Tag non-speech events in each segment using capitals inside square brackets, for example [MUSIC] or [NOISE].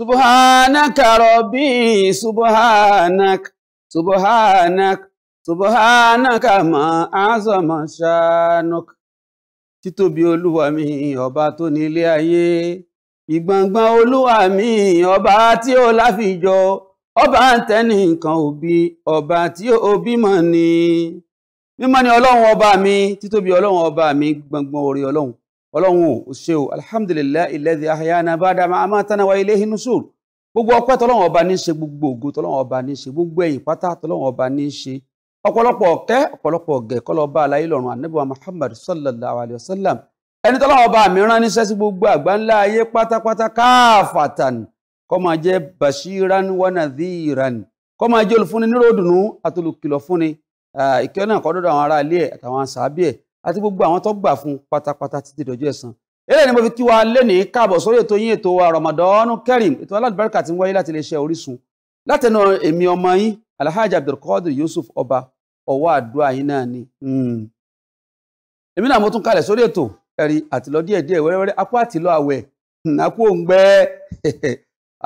subhanaka rabbi subhanak subhanak subhanaka ma azama shanuk títóbi olúwa mi ọba tó ní ilé ayé ìgbọ̀ngbọ̀n olúwa mi ọba tí ó láfijọ ọba ń tẹ́ni nǹkan òbí ọba tí ó bímọ ni mímọ́ ni ọlọ́run mi títóbi ọlọ́run ọba mi gbọ̀ngbọ̀n orí ọlọ́run ọlọ́run ò ṣe o alhamdulilayi ilẹ̀dì ahayana bada amatana wa ilé hinusur gbogbo ọpẹ́ tọ́lọ́run ọba ní ṣe gbogbo ògo tọ́lọ́run ọba ní ṣe gbogbo ẹ̀yìn pátá tọ́lọ́run ọba ní ṣe ọ̀pọ̀lọpọ̀ ọ̀kẹ́ ọ̀pọ̀lọpọ̀ ọ̀gẹ̀ kọ́lọ́ba aláyé lọ́run anábìwá muhammad sallallahu alayhi wa sallam ẹni tọ́lọ́run ọba mi rán níṣẹ́ sí gbogbo àgbáńlá ayé pátápátá káfàtàn kó máa jẹ́ bashiran wa nadhiran kó máa àti gbogbo àwọn tó gbà fún pátápátá títí dọjọ́ ẹ̀san eléyìí ni mo fi kí wa lénìí káàbọ̀ sórí ètò yín ètò wa Ramadan Kareem ètò alábẹ́rẹ́kà tí ń wáyé láti iléeṣẹ́ Orísun látẹnu èmi ọmọ yín Alhaji Abdulkadir Yusuf ọba ọwọ́ àdúrà yín náà ni hmm. èmi náà mo tún kalẹ̀ sórí ètò ẹ̀rí àtìlọ díẹ̀ díẹ̀ wẹ́rẹ́wẹ́rẹ́ apá àtìlọ àwẹ̀ àpò òǹgbẹ́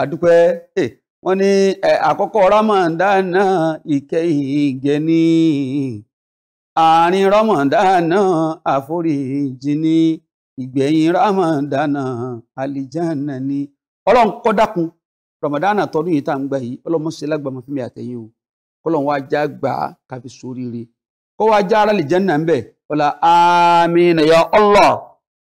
àdúpẹ́ [LAUGHS] eh, wọ́n ní àkọ́kọ́ Ramadan náà ìkẹyìn ìgẹ̀ ni àárín rọmọdánà àforíjì ni ìgbẹ̀yìn rọmọdánà àlìjáná ni ọlọ́run kọ́ dákun rọmọdánà tọdún yìí tá à ń gbà yìí ọlọ́mọ ṣe lágbàmọ́ fún mi àtẹ̀yìn o kọ́lọ́run wá já gbà á káfi sóríire kọ́ wá já ara lè jẹ́ nà ń bẹ̀ ọ̀la àmín ya Allah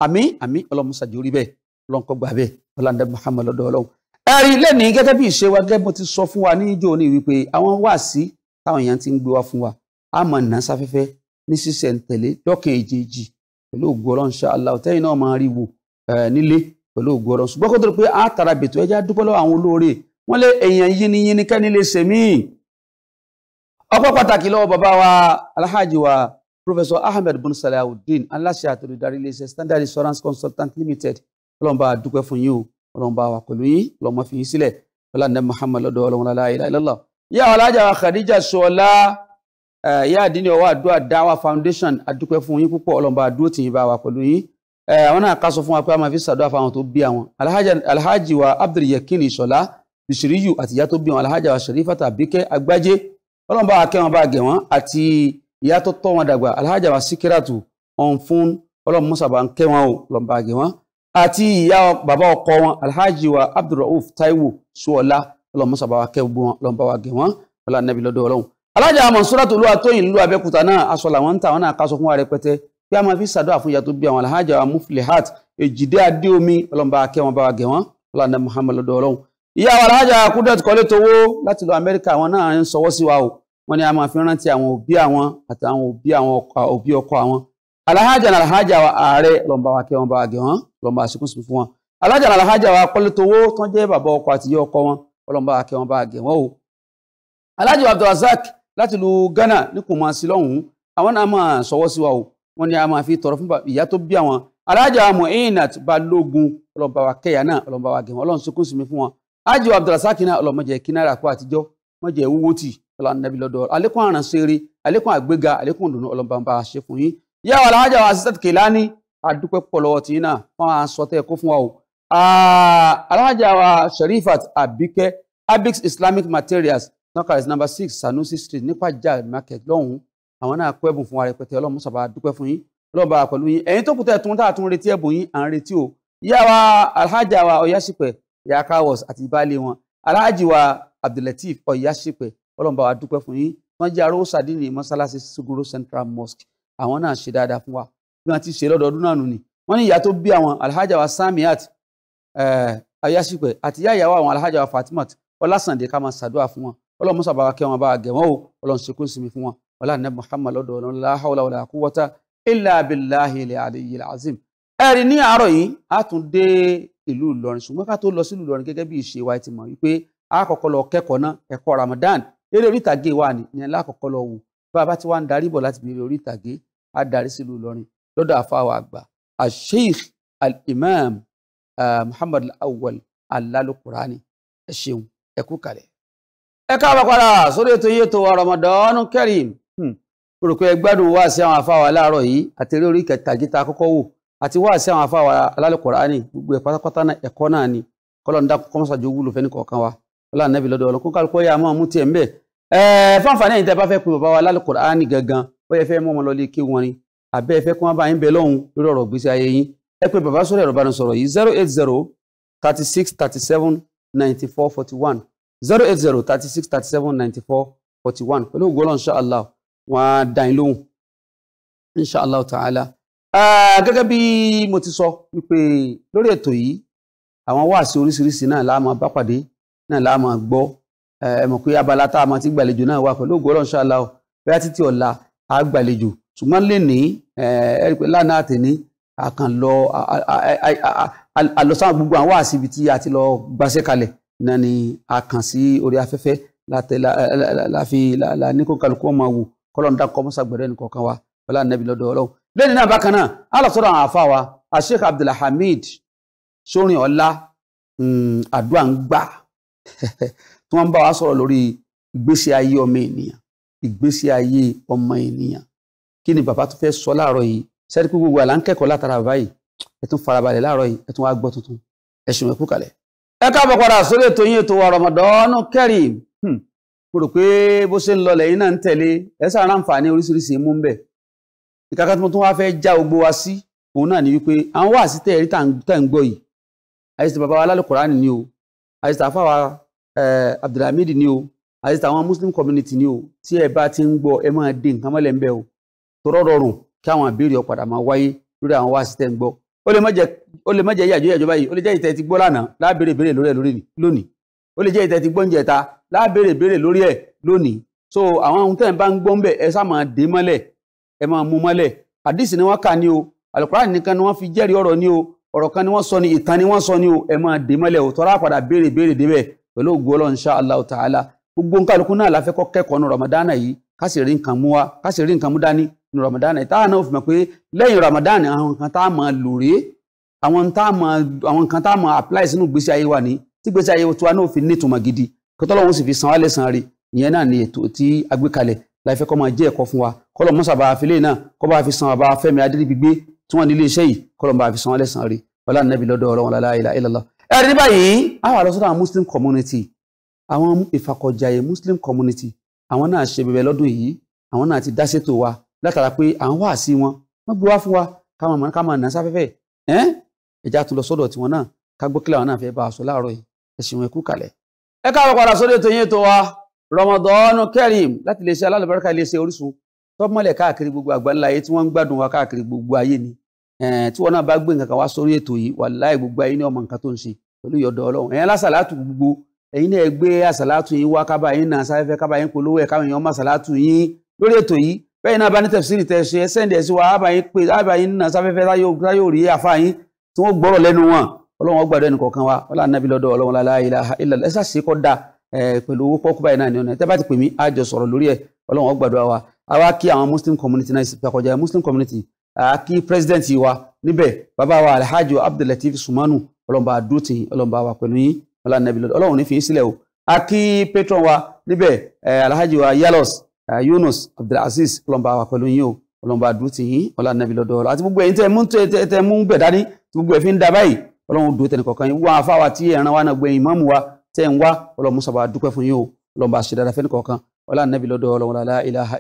àmín àmín ọlọ́mọ ṣàjòrí bẹ́ẹ̀ ọlọ́run kọ́ gbà bẹ́ẹ̀ ọ̀làǹdà Muhammad lọ́dọ̀ ọlọ́run ẹ̀rí lẹ́nìí gẹ́gẹ́ bí ìṣe wa gẹ́gẹ́ bó ti sọ fún wa ní ìjọ́ òní wípé àwọn wáàsí táwọn èèyàn ti ń gbé wá fún wa a máa nà sáfẹ́fẹ́ ní sísẹ̀ntẹ̀lé lọ́kàn èjèèjì pẹ̀lú ògùn ọlọ́run ṣá aláwọ̀ tẹ́yìn náà máa rí wò nílé pẹ̀lú ògùn ọlọ́run ṣùgbọ́n kó tó pé a tara bètò ẹja dúpẹ́ lọ́wọ́ àwọn olóore wọ́n lé èèyàn yínníyínní kẹ́ni lè ṣèmí. ọpẹ́ pàtàkì lọ́wọ́ bàbá wa alhaji wa professor ahmed bin salawudeen aláṣẹ àtòlùdarí iléeṣẹ́ standard insurance consultant limited ọlọ́run bá a dúpẹ́ fún yín o ọlọ́run bá wa pẹ̀lú yín ọlọ́run má fi yín sílẹ̀ ọlọ́run muhammad lọ́dọ̀ ọlọ́run láláyé láìlọ́lọ́ yá alájà khadija ṣọlá Eh, yáàdín ní ọwọ́ àdúrà dáwà foundation adúpẹ́ fún yín púpọ̀ ọlọ́mọba àdúró tì yín bá wa pẹ̀lú yín eh, àwọn náà ká fún wa pé a máa fi ṣàdúrà fáwọn tó bí àwọn alhaji wa abdul yakin ìṣọ̀lá bishiriyu àtìyá tó bí wọn alhaji wa sharifat abike agbájé ọlọ́mọba akẹ́wọn bá gẹ̀ wọ́n àti ìyá tó tọ́ wọn dàgbà alhaji wa sikiratu ọ̀nfún ọlọ́mọ musaba ń kẹ́ wọn o ọlọ́mọba gẹ̀ wọ́n àti ìyá bàbá ọkọ wọn alhaji wa abdul rauf taiwo suola ọlọ́mọ musaba wa kẹ́ gbogbo wọn ọlọ́mọba wa gẹ̀ wọ́n ọlọ́mọ nàbí lọ́dọ̀ ọlọ́run alájà Mansurat Olúwatóyìn ìlú Abẹ́òkúta náà aṣọ làwọn ń tà wọn náà kásọ fún wa rẹpẹtẹ bí a máa fi ṣàdúrà fún ìyá tó bí àwọn alhaja Muflihat Èjìdé Adéomi ọlọ́mọba akẹ́ wọn bá wa gẹ̀ wọ́n ọlọ́dẹ Muhammad lọ́dọ̀ ọlọ́run ìyá àwọn alhaja Kudrat kọ́lé towó láti lọ Amẹ́ríkà àwọn náà ń sọwọ́ sí wa o wọ́n ní a máa fi rántí àwọn òbí àwọn àtàwọn òbí àwọn òbí ọkọ àwọn alhaja na alhaja wa ààrẹ ọlọ́mọba akẹ́ wọn bá wa gẹ̀ láti lu Ghana ní Kumasi lọ́hùn-ún àwọn náà máa sọwọ́ sí wa o wọ́n ní a máa fi tọrọ fún ìyá tó bí àwọn alájà Muinat Balógun ọlọ́ba wa kẹ́yà náà ọlọ́ba wa gẹ̀wọ́n ọlọ́run sunkún sinmi fún wọn ájì Abdulrasaki náà ọlọ́mọjẹ kínára kó àtijọ́ mọ̀jẹ̀ owó tì ọlọ́run nàbí lọ́dọ̀ àlékún àrànṣeré àlékún àgbéga àlékún ìdùnnú ọlọ́ba bá a ṣe fún yín yá wa alájà wa Asisat Kelani adúpẹ́ pọ̀ lọ́wọ́ tì náà fún aṣọ tẹ́ kó fún wa o ah, alájà wa Sherifat Abike Abix Islamic Materials nọkàlẹsì number six sanusi street nípàjà market lọ́hùnún àwọn náà kó ẹ̀bùn fún wa rẹpẹtẹ ọlọ́run sọba dúpẹ́ fún yín ọlọ́run bá wa pẹ̀lú yín ẹ̀yin tó kù tẹ tún tá a tún retí ẹ̀bùn yín à ń retí o ìyá wa alhaja wa ọyásípẹ ìyá kawos àti ìbálẹ̀ wọn alhaji wa abdulateef ọyásípẹ ọlọ́run bá wa dúpẹ́ fún yín wọ́n jẹ́ arówó sàdínì mọ́sálásí sugoro central mosque àwọn náà ṣe dáadáa fún wa bí wọ́n ti ṣe lọ́dọọdún náà nù ni wọ́n ní ìyá tó bí àwọn alhaja wa samiat eh, ọyásípẹ àti ìyá ìyàwó àwọn alhaja wa fatimat ọlásàndé ká máa ṣàdúrà fún wọn ọlọ́run mọ́sàbá wa kẹ́ wọn bá gẹ̀ wọ́n o ọlọ́run ṣe kún sinmi fún wọn wọlé àná muhammad lọ́dọ̀ ọ̀nà la hawla wala quwwata illa billahi al-aliyyil azim. ẹ̀rí ní àárọ̀ yìí a tún dé ìlú ìlọrin ṣùgbọ́n ká tó lọ sí ìlú ìlọrin gẹ́gẹ́ bí ìṣe wa ti mọ̀ wípé a kọ́kọ́ lọ kẹ́kọ̀ọ́ ná ẹ̀kọ́ ramadan eré orí ìtàgé wa ni ìyẹn lákọ̀ọ́kọ́ lọ wò bá a bá ti wá ń darí bọ̀ láti bèrè orí ìtàgé a darí sí ìlú ìlọrin lọ́dọ̀ àfáwà àgbà asheikh ẹ káàbọ̀ padà sórí ètò yìí ètò Ramadan Kareem hmm. rò pé gbádùn wá sí àwọn afáwà láàárọ̀ yìí àtẹ̀lé orí kẹta gíta kọ́kọ́ wò àti wá sí àwọn afáwà alálùkùránì gbogbo ẹ̀ pátápátá ẹ̀kọ́ náà ni kọ́lọ́n dákun kọ́mọ́sàjò wúlò fẹ́ ní kọ̀ọ̀kan wa ọlá nẹ́bí lọ́dọ̀ ọlọ́kún kálukọ́ yà máa mú tiẹ̀ ń bẹ̀ ẹ̀ fáǹfààní ẹ̀yìn tẹ́ bá fẹ́ pin bàbá wa alálùkùránì gangan ó yẹ fẹ́ mọ́ ọmọ lọ́lé kí wọn ni àbẹ́ ẹ fẹ́ kí wọ́n bá yín bẹ lọ́hùn lórí ọ̀rọ̀ gbèsè ayé yín ẹ pé bàbá sọ̀rọ̀ ẹ̀rọ bá ní sọ̀rọ̀ yìí zero eight zero thirty six thirty seven ninety four forty one zero eight zero thirty six thirty seven ninety four forty one pẹ̀lú ògo Ọlọ́run ṣáàlá wọn á dá in lóhùn inṣàlá ta'ala ah, gẹ́gẹ́ bí mo ti sọ wípé lórí ètò yìí àwọn wáàsí oríṣiríṣi náà láàmú abápàdé náà láàmú gbọ́ eh, ẹ mọ̀ pé abala tá a máa ti gbàlejò náà wà pẹ̀lú ògo Ọlọ́run ṣáàlá o bóyá títí ọ̀la a gbàlejò ṣùgbọ́n lè ní eh, ẹ rí pé lánàá àtẹ̀ní àkànlọ àlọ́sàn gbogbo àwọn wáàsí ibi tí a ti lọ gbaṣẹ́ kalẹ̀ náà ni a kàn sí orí afẹ́fẹ́ láti láfi la ní kó kálukú máa wò kọ́lọ́n dá kọ́mọ́sá gbẹ̀rẹ́ nìkan kan wa wọlé ànábì lọ́dọ̀ ọlọ́run lẹ́ni náà bákan náà alọ́sọ̀rọ̀ àwọn afa wa asheikh abdulhamid sórin ọ̀la hmm, àdúrà ń gbà [LAUGHS] tí wọ́n ń bá wa sọ̀rọ̀ lórí ìgbésí ayé ọmọ ènìyàn ìgbésí ayé ọmọ ènìyàn kí ni bàbá tó fẹ́ sọ láàárọ̀ yìí sẹ́ni pé gbogbo àlà ń kẹ́kọ̀ọ́ látara báyìí ẹ tún farabalẹ̀ láàárọ̀ yìí ẹ wá gbọ́ tuntun ẹ ṣùgbọ́n kalẹ̀ ẹ káàbọ̀ padà sórí ètò yín ètò wa Ramadan Kareem hmm. mo rò pé bó ṣe ń lọ lẹ́yìn náà ń tẹ̀lé ẹ sáà ráǹfààní oríṣiríṣi mú ń bẹ̀ ìkàkà tí mo tún wá fẹ́ já gbogbo wa sí òun náà ni wípé àwọn wà sí tẹ̀rí tà ń gbọ́ yìí àyíṣẹ́ bàbá wa lálùkùránì ni o àyíṣẹ́ àfàwà Abdulhamid ni o àyíṣẹ́ àwọn Muslim community ni o tí ẹ bá ti ń gbọ́ ẹ máa dé nǹkan mọ́lẹ̀ ń bẹ̀ o tọrọ rọrùn kí àwọn ìbéèrè ọ̀padà máa wáyé ó lè má jẹ́ yàjọ́ yàjọ́ báyìí ó lè jẹ́ ìtẹ́ ti gbọ́ lánàá lábèrè béèrè lórí ẹ̀ lónìí ó lè jẹ́ ìtẹ́ ti gbọ́ oúnjẹ ta lábèrè béèrè lórí ẹ̀ lónìí so àwọn ohun tẹ́ ẹ̀ bá ń gbọ́ ń bẹ̀ ẹ sáà máa dé mọ́lẹ̀ ẹ máa mú mọ́lẹ̀ àdìsí ni wọ́n kà ní o àlùkùránì nìkan ni wọ́n fi jẹ́rìí ọ̀rọ̀ ní o ọ̀rọ̀ kan ni wọ́n sọ ni ìtàn ni wọ́n sọ ni o ẹ máa dé mọ́lẹ̀ o tọ́ra padà béèrè béèrè débẹ̀ pẹ̀lú ògo Ọlọ́run insha Allah ta'ala gbogbo nǹkan àlùkù náà la fẹ́ kọ́ kẹ́kọ̀ọ́ ní Ramadan yìí ká sì rí nǹkan mú wá ká sì rí nǹkan mú dání ní Ramadan táwọn náà fi mọ̀ pé lẹ́yìn Ramadan àwọn nǹkan tá a máa lò rèé àwọn nǹkan tá a máa apply sínú ìgbésí ayé wa ní tí ìgbésí ayé tiwa náà fi nítumọ̀ gidi kí tọ́lọ́wọ́n sì fi san wálé san rí ìyẹn náà ni ètò tí a gbé kalẹ̀ láì fẹ́ kọ́ máa jẹ́ ẹ̀kọ́ fún wa kọ́lọ̀ mọ́sà bá a fi lé náà kọ́ bá a fi san bá a fẹ́mi adéríbigbé tí wọ́n ní iṣẹ́ yìí kọ́lọ̀ bá a fi san wálé san rí muslim community àwọn muslim community àwọn náà ṣe bẹbẹ lọ́dún yìí àwọn náà ti dá ṣètò wa látara pé à ń wá sí wọn wọ́n gbé wá fún wa káwọn mọ̀ káwọn nà sáfẹ́fẹ́ ẹ́ ẹ̀já tún lọ sọ́dọ̀ tiwọn náà ká gbọ́ kílà wọn náà fẹ́ bá a sọ láàárọ̀ yìí ẹ̀sìn wọn ẹ̀kú kalẹ̀. ẹ káàbọ̀ padà sórí ètò yín tó wa Ramadan Kareem láti lè ṣe alálùbáríkà ilé iṣẹ́ Orísun tọ́mọ̀lẹ̀ káàkiri gbogbo àgbáńlá ayé tí wọ́n ń gbádùn wa káàkiri gbogbo ayé ni tí wọn náà bá gbé nǹkan kan wá sórí ètò yìí wàláì gbogbo ayé ní ọmọ nǹkan tó ń ṣe pẹ̀lú yọ̀dọ̀ Ọlọ́run ẹ̀yẹn lásàlátù gbogbo ẹ̀yin náà gbé àsàlátù yín wá kábà yín náà sáfẹ́fẹ́ kábà yín polówó ẹ̀ káwọn èèyàn mọ̀ àsàlátù yín lórí ètò yìí bẹ́ẹ̀ náà bá ní tẹ̀síìrì tẹ̀ ṣe sẹ́ǹdẹ̀ sí wa àbáyín pé àbáyín náà sáfẹ́fẹ́ táyò rí àfa yín tí wọ́n gbọ́rọ̀ lẹ́nu wọn ọlọ́run ọgbàdo ẹnì kọ̀ọ̀kan wa ọlá nàbí lọ́dọ̀ ọlọ́run lálá ilà ilà ẹ̀sà sí kọ́ da pẹ̀lú owó pọ́kú báyìí náà ni ọ̀nà tẹ́ bá ti àjọ sọ̀rọ̀ lórí ẹ̀ ọlọ́run ọgbàdo wa àwa kí àwọn muslim community náà ìpàkọ̀jà muslim community àkí president wa níbẹ̀ bàbá wa alhaji abdulateef sumanu ọlọ́run bá dúró tì ọlọ́run ọlànàbí lọ́dọ̀ ọlọ́run ní fi sílẹ̀ o a patron wa níbẹ̀ alhaji wa yalos yunus abdulaziz ọlọ́mba wa pẹ̀lú yín o ọlọ́mba dùn ti yín ọlànàbí lọ́dọ̀ ọlọ́ àti gbogbo ẹ̀yin tẹ́ mú tẹ́ mú bẹ̀ dání tí gbogbo ẹ̀ fi ń da báyìí ọlọ́run dùn tẹ̀ nìkọ̀kan yín wọ́n afá wa tí ẹ̀ràn wa náà gbẹ̀yìn mọ́mù wa tẹ́ ń wá ọlọ́run sábà dúpẹ́ fún yín o ọlọ́mba ṣe dáadáa fẹ́ni kọ̀ọ̀kan ọlànàbí lọ́dọ̀ ọlọ́run la ilaha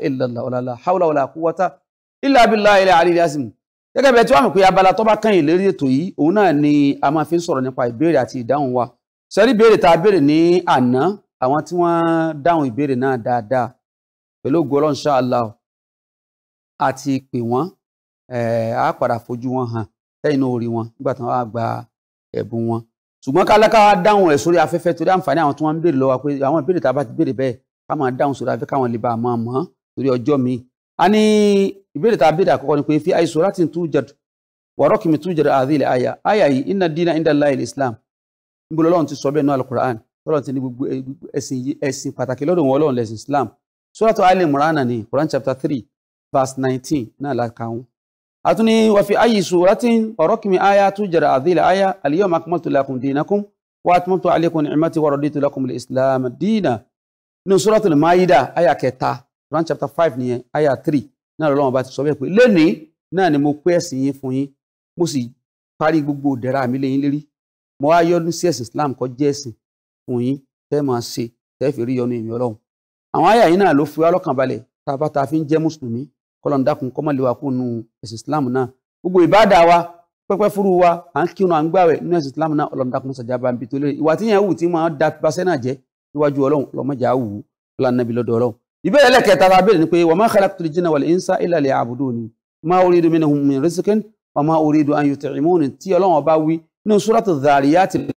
illa billahi aliyil azim gẹ́gẹ́ bẹ́ẹ̀ tí wọ́n mọ̀ pé abala tó bá kàn yín lérí ètò yìí òun náà ni a máa fi ń sọ̀rọ̀ nípa ìbéèrè àti ìdáhùn wa sẹ́rí ìbéèrè tá a béèrè ní àná àwọn tí wọ́n dáhùn ìbéèrè náà dáadáa pẹ̀lú ògo Ọlọ́run insha Allah àti pè wọ́n á padà fojú wọn hàn lẹ́yìn náà orí wọn nígbà tí wọ́n á gba ẹ̀bùn wọn ṣùgbọ́n kálákà wá dáhùn ẹ̀ sórí afẹ́fẹ́ torí àǹfààní àwọn tí wọ́n ń béèrè lọ́wọ́ pé àwọn ìbéèrè tá a bá ti béèrè bẹ́ẹ̀ ká máa dáhùn sórí afẹ́fẹ́ káwọn lè bá a máa torí ọjọ́ mi. ni pé fi àìsàn láti tún jẹ wọ́rọ́ kìí tún jẹ àdìlẹ̀ dina inda Allahil Islam níbo lọ́lọ́run ti sọ bẹ́ẹ̀ náà alukur'an lọ́lọ́run ti ní gbogbo eh, ẹ̀sìn ẹ̀sìn pàtàkì lọ́dọ̀ wọn ọlọ́run lẹ́sìn islam suratu ali imran ni quran chapter three verse nineteen náà la kàún. àtúní wàfi ayi suratin ọ̀rọ̀kìmí aya tó jẹrẹ àdìlẹ̀ aya al-yawma lakum dinakum wa atmamtu alaykum ni'mati wa raditu lakum al-islam dina nínú suratul maida aya kẹta quran chapter five nìyẹn aya three náà lọ́lọ́run bá ti sọ bẹ́ẹ̀ pé lẹ́nìí náà ni mo pé ẹ̀sìn yín fún yín mo sì parí gbogbo òdẹ̀ra mi lé lérí mo wá yọ́nú sí ẹ̀sìn Islam kó jẹ́ ẹ̀sìn fún yín tẹ́ máa ṣe tẹ́ fi rí yọ́nú èmi Ọlọ́run àwọn àyà yìí náà ló fi wá lọ́kàn balẹ̀ tá a fi ń jẹ́ mùsùlùmí kọ́lọ́n dákun kọ́mọ lè wà kó nu ẹ̀sìn Islam náà gbogbo ìbáàdà wa pẹ́pẹ́ fúru wa à ń kírun à ń gbàwẹ̀ nínú ẹ̀sìn Islam náà ọlọ́run dákun sàjà bá ń bi tó lé ìwà tí yẹn wù tí máa da basẹ́ náà jẹ́ níwájú Ọlọ́run ọlọ́mọjà nínú súrátù Dhariyat